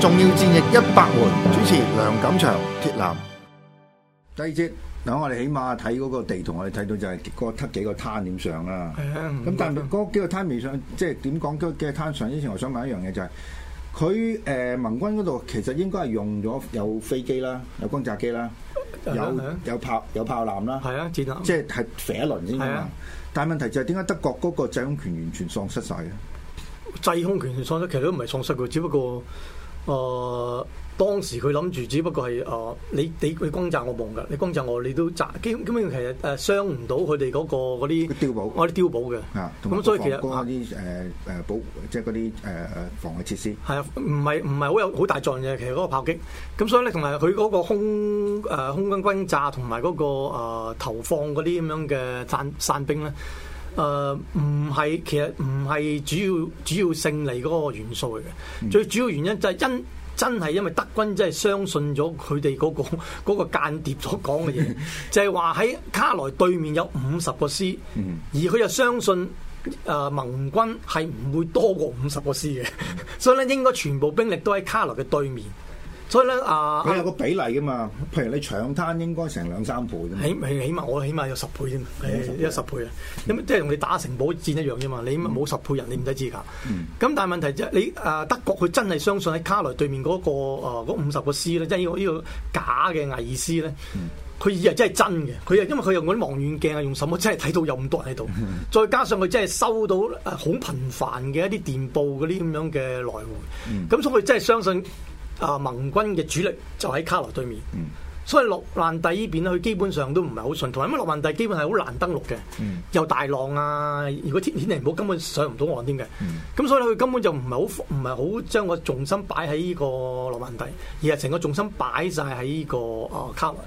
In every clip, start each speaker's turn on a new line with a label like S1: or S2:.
S1: 重要戰役一百回，主持梁錦祥鐵男。鐵艦第二節嗱，我哋起碼睇嗰個地圖，我哋睇到就係過突幾個灘點上啊。咁的但係嗰幾個灘面上，即係點講？嗰幾個灘上，之前我想問一樣嘢就係、是，佢誒盟軍嗰度其實應該係用咗有飛機啦，有轟炸機啦，的有的有炮有炮艦啦。係啊，即係係飛一輪先啊。的但係問題就係點解德國嗰個制空權完全喪失晒嘅？
S2: 制空權喪失，其實都唔係喪失嘅，只不過。誒、呃、當時佢諗住，只不過係誒、呃、你你佢轟炸我夢㗎，你轟炸我，你都炸。基根本，基本其實誒傷唔到佢哋嗰啲碉堡。我啲碉堡嘅，
S1: 咁所以其實啲誒誒保即係嗰啲誒防衞設施
S2: 係啊，唔係唔係好有好大作用嘅。其實嗰個炮擊咁，所以咧同埋佢嗰個空誒、呃、空軍轟炸同埋嗰個、呃、投放嗰啲咁樣嘅散散兵咧。誒唔係，其實唔係主要主要勝利嗰個元素嘅。最主要原因就係因真係因為德軍真係相信咗佢哋嗰個嗰個間諜所講嘅嘢， 就係話喺卡萊對面有五十個師，而佢又相信誒盟軍係唔會多過五十個師嘅， 所以咧應該全部兵力都喺卡萊嘅對面。所以咧，啊，佢有
S1: 個比例噶嘛？譬如你搶灘應該成兩三倍啫嘛。起起
S2: 起碼我起碼有
S1: 十倍啫嘛。誒，有十倍啊！
S2: 咁即係同你打城堡戰一樣啫嘛。你冇十倍人，你唔使知噶。咁但係問題就係你啊，德國佢真係相信喺卡萊對面嗰個五十個師咧，即係呢個呢個假嘅偽師咧，佢以為真係真嘅。佢又因為佢用嗰啲望遠鏡啊，用什麼真係睇到有咁多人喺度。再加上佢真係收到好頻繁嘅一啲電報嗰啲咁樣嘅來回。咁所以佢真係相信。啊、呃！盟軍嘅主力就喺卡羅對面，所以諾曼第呢邊咧，佢基本上都唔係好順。同埋因為諾曼第基本係好難登陸嘅，又大浪啊！如果天天氣唔好，根本上唔到岸添嘅。咁所以佢根本就唔係好唔係好將重個,個重心擺喺呢、呢個諾曼第，而係成個重心擺晒喺呢個啊卡羅。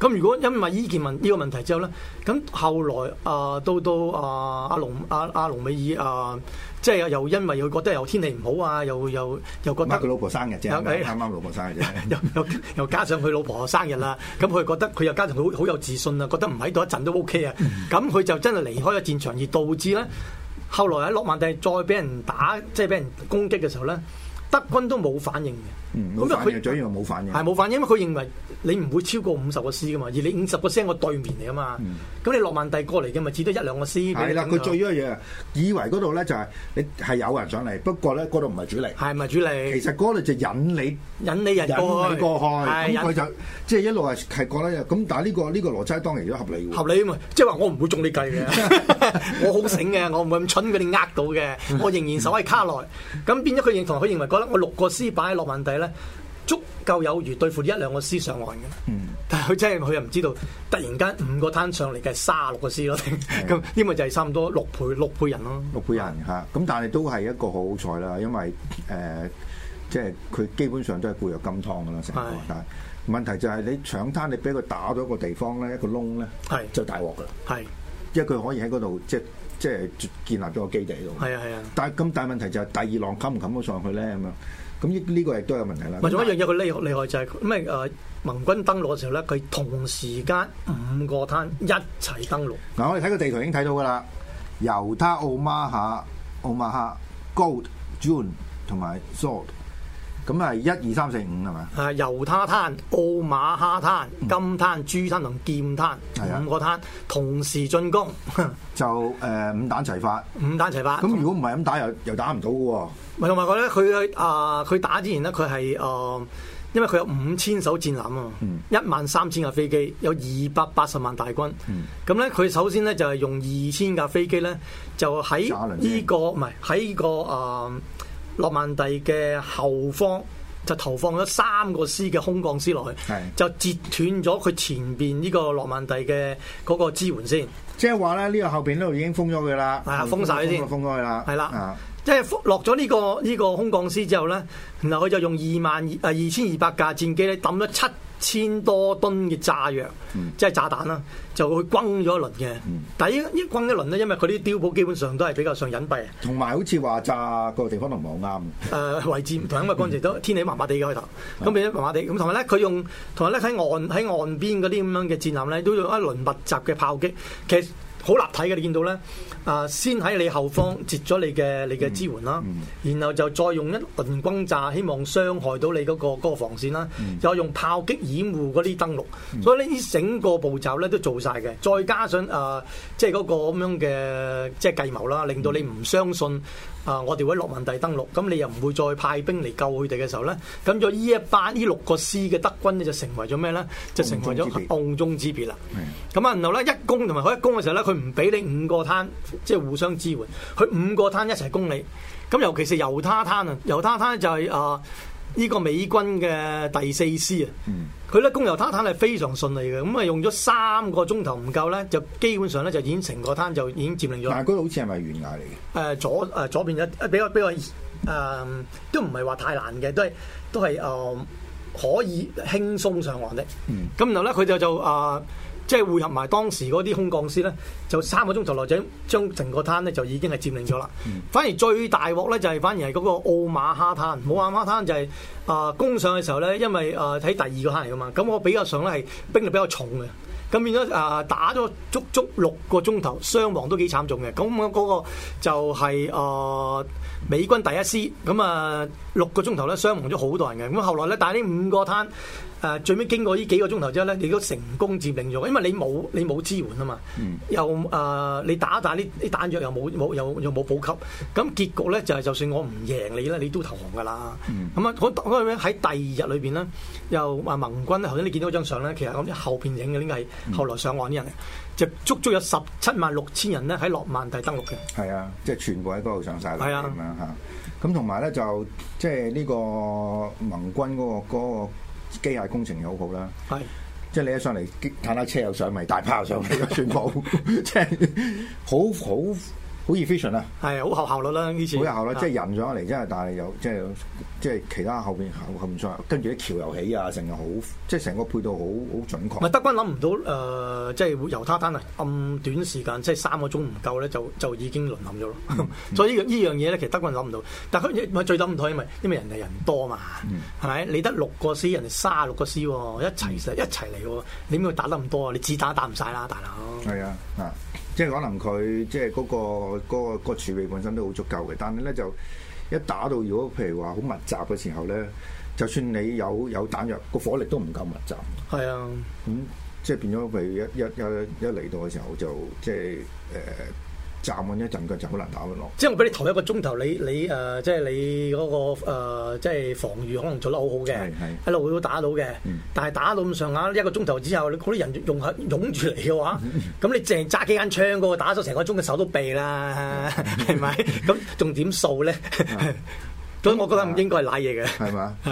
S2: 咁、 嗯、如果因為呢件問呢個問題之後咧，咁後來、呃、都都啊到到啊阿龍阿、啊、阿龍美爾啊。即係又又因為佢覺得又天氣唔好啊，又又又覺得。佢老婆生日啫，啱啱
S1: 又老婆生日啫。
S2: 又又加上佢老婆生日啦，咁佢 覺得佢又加上佢好，好有自信啊，覺得唔喺度一陣都 OK 啊。咁佢、嗯、就真係離開咗戰場，而導致咧，後來喺諾曼第再俾人打，即係俾人攻擊嘅時候咧。德軍都冇反應嘅，
S1: 咁啊佢最樣冇反應，係冇
S2: 反應，因為佢認為你唔會超過五十個師噶嘛，而你五十個師我對面嚟啊嘛，咁你諾曼第過嚟嘅咪只得一兩個
S1: 師，係啦，佢最衰嘢，以為嗰度咧就係你係有人上嚟，不過咧嗰度唔係主力，係唔係主力？其實嗰度就引你引你入去，引你過去，咁佢就即係一路係係覺得咁，但係呢個呢個邏輯當然都合理嘅，合理啊嘛，即係話我唔會中你計嘅，
S2: 我好醒嘅，我唔會咁蠢俾你呃到嘅，我仍然守喺卡內，咁變咗佢認同，佢認為。我，我六個師擺喺諾曼第咧，足夠有餘對付一兩個師上岸嘅。嗯，但係佢真係佢又唔知道，突然間五個灘上嚟嘅三十六個師咯，咁的，呢
S1: 個就係差唔多六倍六倍人咯。六倍人吓，咁的但係都係一個好好彩啦，因為誒、呃，即係佢基本上都係固若金湯噶啦，成個的但係問題就係你搶灘，你俾佢打咗個地方咧，的一個窿咧，係就大鑊噶，係的的，因為佢可以喺嗰度即。即係建立咗個基地喺度。係啊係啊。但係咁，但係問題就係第二浪冚唔冚到上去咧咁樣。咁呢呢個亦都有問題啦。咪仲有一樣嘢，
S2: 佢厲厲害就係、是、咩？誒，盟軍登陸嘅時候咧，佢同時間五個灘一齊登陸。嗱、
S1: 嗯，我哋睇個地圖已經睇到㗎啦。猶他、奧馬哈、奧馬哈、Gold、Juno 同埋 Sword。咁啊，一二三四五係嘛？
S2: 係猶他灘、奧馬哈灘、金灘、珠灘同劍灘，嗯、五個灘同時進攻， 就
S1: 誒五彈齊發。五彈齊發。咁如果唔係咁打，又又打唔到嘅喎。
S2: 唔係同埋我咧，佢啊，佢、呃、打之前呢，佢係誒，因為佢有五千艘戰艦啊，嗯、一萬三千架飛機，有二百八十萬大軍。咁咧、嗯，佢首先咧就係、是、用二千架飛機咧，就喺呢、這個唔係喺個誒。呃諾曼第嘅後方就投放咗三個師嘅空降師落去，的就截斷咗佢前邊呢個諾曼第嘅嗰個支援先。即係話咧，呢、這個後邊呢
S1: 度已經封咗佢啦，的封晒先，封咗去啦，係啦的，
S2: 即係落咗呢個呢、這個空降師之後咧，然後佢就用二萬二啊二千二百架戰機咧抌咗七。千多噸嘅炸藥，嗯、即係炸彈啦，就會轟咗一輪嘅。嗯、但係一呢轟一輪咧，因為佢啲碉堡基本上都係比較上隱蔽。
S1: 同埋好似話炸個地方都唔好啱。誒
S2: 位置唔同，因為當時都天氣麻麻地嘅開頭，咁、嗯、變咗麻麻地。咁同埋咧，佢用，同埋咧喺岸喺岸邊嗰啲咁樣嘅戰艦咧，都用一輪密集嘅炮擊。其實。好立體嘅，你見到咧？啊、呃，先喺你後方截咗你嘅你嘅支援啦，嗯、然後就再用一輪轟炸，希望傷害到你嗰、嗰個那個防線啦，又、嗯、用炮擊掩護嗰啲登陸，嗯、所以呢啲整個步驟咧都做晒嘅，再加上啊、呃，即係嗰個咁樣嘅即係計謀啦，令到你唔相信。啊！我哋喺諾曼第登陸，咁你又唔會再派兵嚟救佢哋嘅時候咧，咁就依一班依六個師嘅德軍咧就成為咗咩咧？就成為咗甕中之鱉啦。咁啊，的然後咧一攻同埋佢一攻嘅時候咧，佢唔俾你五個灘即係互相支援，佢五個灘一齊攻你。咁尤其是猶他灘啊，猶他灘就係、是、啊。呃呢個美軍嘅第四師啊，佢咧攻猶他灘係非常順利嘅，咁啊用咗三個鐘頭唔夠咧，就基本上咧就已經成個灘就已經
S1: 佔領咗。但嗰度好似係咪懸崖嚟嘅？誒、
S2: 呃、左誒、呃、左邊一比較比較誒、呃、都唔係話太難嘅，都係都係誒、呃、可以輕鬆上岸的。咁、嗯、然後咧佢就就啊。呃即係匯合埋當時嗰啲空降師咧，就三個鐘頭內將將成個灘咧就已經係佔領咗啦。反而最大鑊咧就係、是、反而係嗰個奧馬哈灘，奧馬哈灘就係、是、啊、呃、攻上嘅時候咧，因為啊睇、呃、第二個灘嚟嘅嘛，咁我比較上咧係兵力比較重嘅，咁變咗啊、呃、打咗足足六個鐘頭，傷亡都幾慘重嘅。咁我嗰個就係、是、啊、呃、美軍第一師咁啊。六個鐘頭咧，傷亡咗好多人嘅。咁後來咧，但係呢五個灘，誒、呃、最尾經過呢幾個鐘頭之後咧，你都成功佔領咗，因為你冇你冇支援啊嘛。嗯、又誒、呃，你打打呢啲彈藥又冇冇又又冇補給。咁結局咧就係就算我唔贏你咧，嗯、你都投降㗎啦。咁啊、嗯，嗰嗰喺第二日裏邊咧，又話盟軍咧，頭先你見到張相咧，其實咁後邊影嘅呢個係後來上岸啲人，嗯、就足足有十七萬六千人咧喺諾曼第登陸嘅。
S1: 係啊，即係全部喺嗰度上曬嚟咁樣嚇。全民 咁同埋咧就即係呢個盟軍嗰個嗰個機械工程又好好啦，即係是的 你一上嚟機，坦克車又上嚟，大炮又上嚟，全部即係好好。 好易 efficient 啊！係 啊，好有效率啦，以前。好有效率，即係人上嚟，真係，但係又即係即係其他後邊冚咁跟住啲橋又起啊，成日好，即係成個配套好好準確。唔係德
S2: 軍諗唔到誒，即係猶他灘啊，咁短時間即係三個鐘唔夠咧，就就已經淪陷咗咯。嗯嗯、 所以呢樣呢樣嘢咧，其實德軍諗唔到。但佢最諗唔到、就是，因為因為人係人多嘛，係咪、嗯？你得六個師、哦，人三十六個師一齊實、嗯、一齊嚟，你點會打得咁多啊？你子彈打打唔晒啦，大佬。
S1: 係啊，嗱。即係可能佢即係、嗰、嗰個嗰、嗰個嗰、嗰個、儲備本身都好足夠嘅，但係咧，就一打到，如果譬如話好密集嘅時候咧，就算你有有彈藥，個火力都唔夠密集。係啊，咁、嗯、即係變咗，譬如一一一一嚟到嘅時候就即係誒。呃站穩一陣佢就好難打得落、呃。
S2: 即係我俾你頭、那、一個鐘頭，你你誒即係你嗰個即係防禦可能做得好好嘅，係一是是 路都打，是是 打到嘅。但係打到咁上下一個鐘頭之後，嗰啲人用下湧住嚟嘅話，咁 你淨揸幾間槍嗰個打咗成個鐘嘅手都痹啦，係咪？ 咁仲點掃咧？所以、啊、 我覺得唔應該瀨嘢嘅。
S1: 係嘛？咁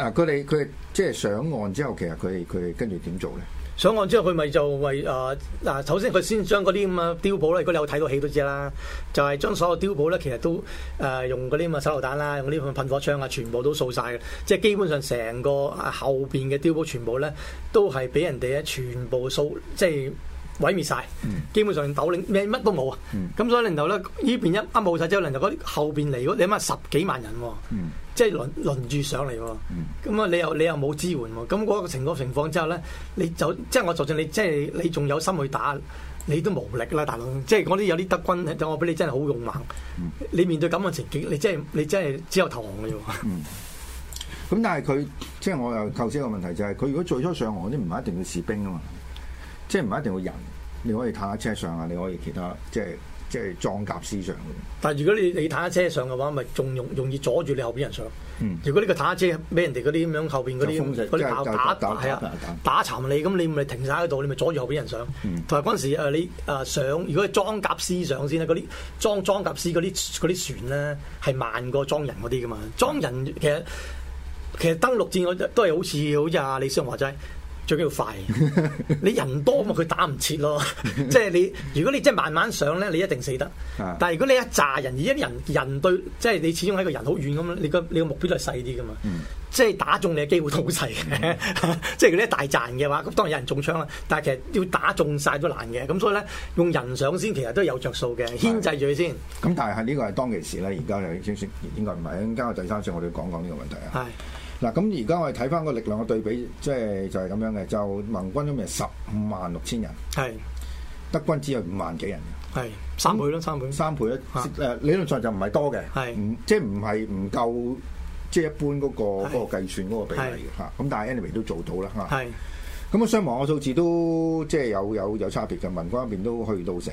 S1: 啊，佢哋佢即係上岸之後，其實佢哋佢哋跟住點做咧？
S2: 上岸之後，佢咪就為啊嗱，首先佢先將嗰啲咁嘅碉堡咧，如果你有睇到戲都知啦，就係、是、將所有碉堡咧，其實都誒、呃、用嗰啲咁嘅手榴彈啦，用嗰啲噴火槍啊，全部都掃晒嘅，即係基本上成個後邊嘅碉堡全部咧都係俾人哋咧全部掃，即係毀滅晒。Mm. 基本上斗零咩乜都冇啊，咁、mm. 所以然後咧呢邊一一冇晒之後，然後嗰啲後邊嚟嗰，你諗下十幾萬人喎、哦。Mm. 即係輪輪住上嚟喎，咁啊你又你又冇支援喎，咁嗰個情嗰情況之下咧，你就即係、就是、我就算你即係、就是、你仲有心去打，你都無力啦，大佬。即係嗰啲有啲德軍，我俾你真係好勇猛，嗯、你面對咁嘅情景，你真、就、係、是、你即、就、係、是、只有投降嘅
S1: 啫、嗯。咁、嗯嗯、但係佢即係我又構思一個問題就係、是，佢如果最初上岸啲唔係一定要士兵啊嘛，即係唔係一定要人，你可以坦克上啊，你可以其他即係。就是即係裝甲師上。
S2: 但係如果你你坦克車上嘅話，咪仲容容易阻住你後邊人上。嗯、如果呢個坦克車俾人哋嗰啲咁樣後邊嗰啲嗰啲炮打，係打啊打沉你，咁你咪停晒喺度，你咪阻住後邊人上。同埋嗰陣時誒，你誒上，如果裝甲師上先啦，嗰啲裝裝甲師嗰啲啲船咧係慢過裝人嗰啲噶嘛，裝人其實、嗯、其實其實登陸戰都係好似好似阿李生話齋。最緊要快， 你人多嘛，佢打唔切咯。即係你，如果你即係慢慢上咧，你一定死得。但係如果你一紮人，而家人人對，即係你始終喺個人好遠咁，你個你個目標都係細啲噶嘛。嗯、即係打中你嘅機會都好細嘅。嗯嗯 即係嗰啲大賺嘅話，咁當然有人中槍啦。但係其實要打中晒都難嘅。咁所以咧，用人上先，其實都有着數嘅，的牽制住佢先。
S1: 咁但係係呢個係當其時啦。而家有少應該唔係。而家第三節我哋講講呢個問題啊。係。嗱，咁而家我哋睇翻個力量嘅對比，即係就係咁樣嘅，就盟軍咁咪十五萬六千人，係德軍只有五萬幾人，係三倍咯，三倍，三倍咧，誒理論上就唔係多嘅，係即係唔係唔夠，即係一般嗰個嗰個計算嗰個比例嘅。咁但係 anyway 都做到啦嚇，係咁啊，傷亡嘅數字都即係有有有差別嘅，盟軍嗰邊都去到成誒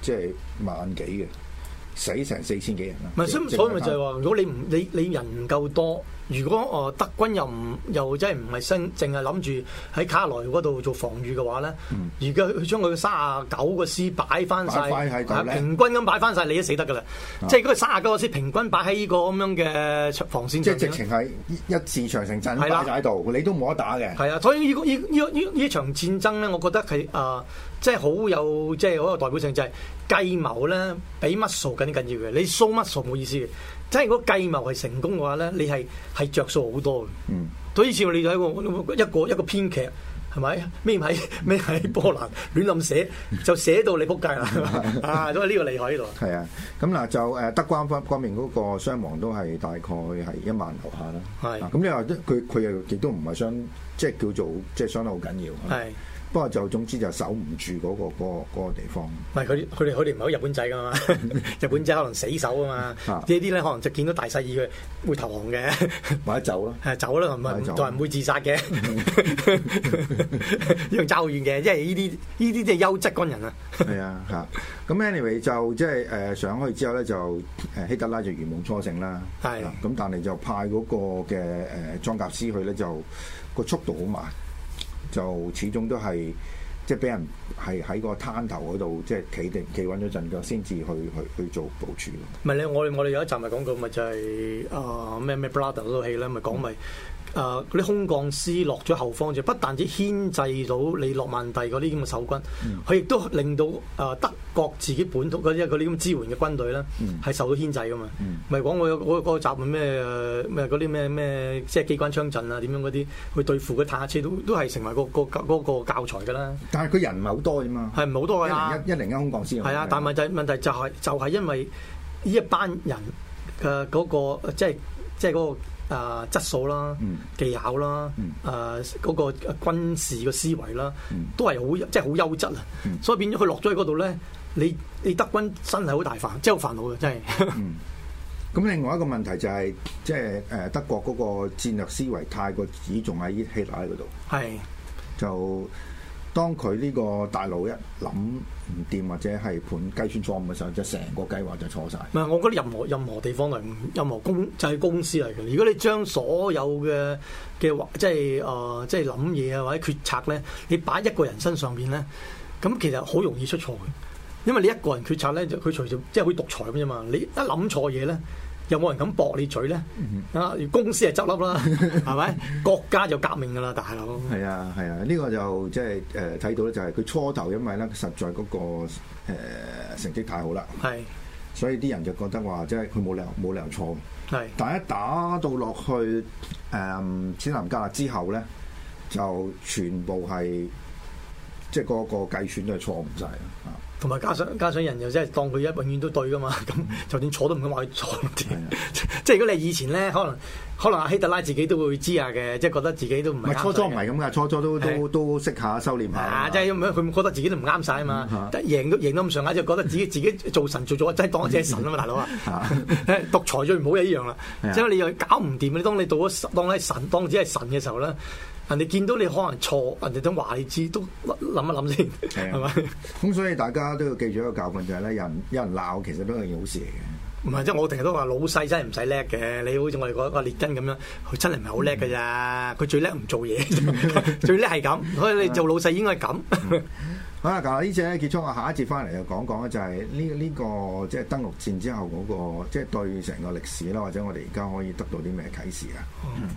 S1: 即係萬幾嘅，死成四千幾人啦。唔，所以所以咪就係
S2: 話，如果你唔你你人唔夠多。如果哦德軍又唔又真係唔係升，淨係諗住喺卡萊嗰度做防禦嘅話咧，而家佢將佢卅九個師擺翻晒，平均咁擺翻晒，你都死得噶啦！即係嗰卅九個師平均擺喺呢個咁樣嘅防
S1: 線上上，即係直情係一字長城陣擺喺度，對你都冇得打嘅。係啊，所以依、呢個
S2: 依依依依場戰爭咧，我覺得係啊，即係好有即係好有代表性、就係，就係計謀咧比 muscle 緊緊要嘅，你 show muscle 冇意思嘅。即係如果計謀係成功嘅話咧，你係。你係著數好多嘅，所以以前我哋睇過一個一個編劇係咪咩喺咩喺波蘭亂咁寫，就寫到你仆街啦啊！咁啊呢個厲害呢度。
S1: 係啊，咁嗱就誒德軍方方面嗰個傷亡都係大概係一萬樓下啦。係，咁你話都佢佢又亦都唔係傷。即係叫做即係想得好緊要。係，不過就總之就守唔住嗰個嗰個地方。
S2: 唔係佢佢哋佢哋唔係好日本仔㗎嘛，日本仔可能死守啊嘛。呢啲咧可能就見到大勢已，佢會投降嘅，
S1: 或者走咯。
S2: 係走啦，唔係唔同會自殺嘅，用走完嘅。即係呢啲呢啲即係優質軍人啊。
S1: 係啊，嚇。咁 anyway 就即係誒上去之後咧，就希特拉就如夢初醒啦。係。咁但係就派嗰個嘅誒裝甲師去咧就。個速度好慢，就始終都係。即係俾人係喺個灘頭嗰度，即係企定企穩咗陣腳，先至去去去做部署咯。
S2: 唔係咧，我我哋有一集咪講過，咪、呃嗯、就係啊咩咩 Brother 嗰套戲咧，咪講咪啊嗰啲空降師落咗後方，就不但止牽制到你諾曼第嗰啲咁嘅守軍，佢亦、嗯、都令到啊德國自己本土嗰啲嗰啲咁支援嘅軍隊咧，係受到牽制噶嘛。咪係講我有我集咪咩咪嗰啲咩咩即係機關槍陣啊點樣嗰啲去對付嗰坦克車都都係成為個個嗰個教材噶、那個、啦。那個
S1: 但係佢人唔係好多啫嘛，唔好一零一空降師，係啊
S2: ，101, 101，但係就問題就係、是、就係、是、因為呢一班人嘅嗰、那個即係即係嗰個啊質素啦、技巧啦、嗯、啊嗰、那個軍事嘅思維啦，都係好即係好優質啊，嗯、所以變咗佢落咗喺嗰度咧，你你德軍真係好大煩，
S1: 真、就、係、是、煩惱嘅真係、嗯。咁 另外一個問題就係即係誒德國嗰個戰略思維太過依重喺希拉喺嗰度，係是就。當佢呢個大腦一諗唔掂，或者係盤計算錯誤嘅時候，就成個計劃就錯晒。
S2: 唔係，我覺得任何任何地方嚟，任何公就係、是、公司嚟嘅。如果你將所有嘅嘅即係誒、呃、即係諗嘢啊或者決策咧，你擺一個人身上邊咧，咁其實好容易出錯嘅，因為你一個人決策咧就佢隨時即係會獨裁嘅啫嘛。你一諗錯嘢咧。有冇人敢駁你嘴
S1: 咧？
S2: 啊，公司係執笠啦，
S1: 係咪？ 國家就革命噶啦，大佬。係啊，係啊，呢、這個就即係誒睇到咧，就係佢初頭因為咧實在嗰、那個誒、呃、成績太好啦，係是，所以啲人就覺得話即係佢冇理由冇理由錯，係。是但係一打到落去誒，史太林格勒之後咧，就全部係、嗯、即係嗰個計算都係錯唔晒啊！
S2: 同埋加上加上人又真係當佢一永遠都對噶嘛，咁就算坐都唔敢話佢坐啲。即係如果你以前咧，可能可能阿希特拉自己都會知下嘅，即係覺得自己都唔係。初初
S1: 唔係咁噶，初初都都都識下修練下。
S2: 即係咁樣，佢覺得自己都唔啱晒啊嘛。贏都贏到咁上下，就覺得自己自己做神做咗，真係當自己係神啊嘛，大佬啊！獨裁最唔好一樣啦，即係你又搞唔掂。你當你到咗當係神，當自己係神嘅時候咧。人哋見到你可能錯，人哋都話你知，都諗一諗先，係咪、嗯？
S1: 咁 吧所以大家都要記住一個教訓就係咧，人有人鬧其實都係件好事嚟嘅。
S2: 唔係，即係我成日都話老細真係唔使叻嘅，你好似我哋嗰個列根咁樣，佢真係唔係好叻㗎咋？佢、嗯、最叻唔做嘢， 最叻係咁。所以你做老細應該係
S1: 咁、嗯。好啦，呢次咧結束，我下一節翻嚟就講講就係呢呢個即係、就是、登陸戰之後嗰、那個，即、就、係、是、對成個歷史啦，或者我哋而家可以得到啲咩啟示啊？嗯。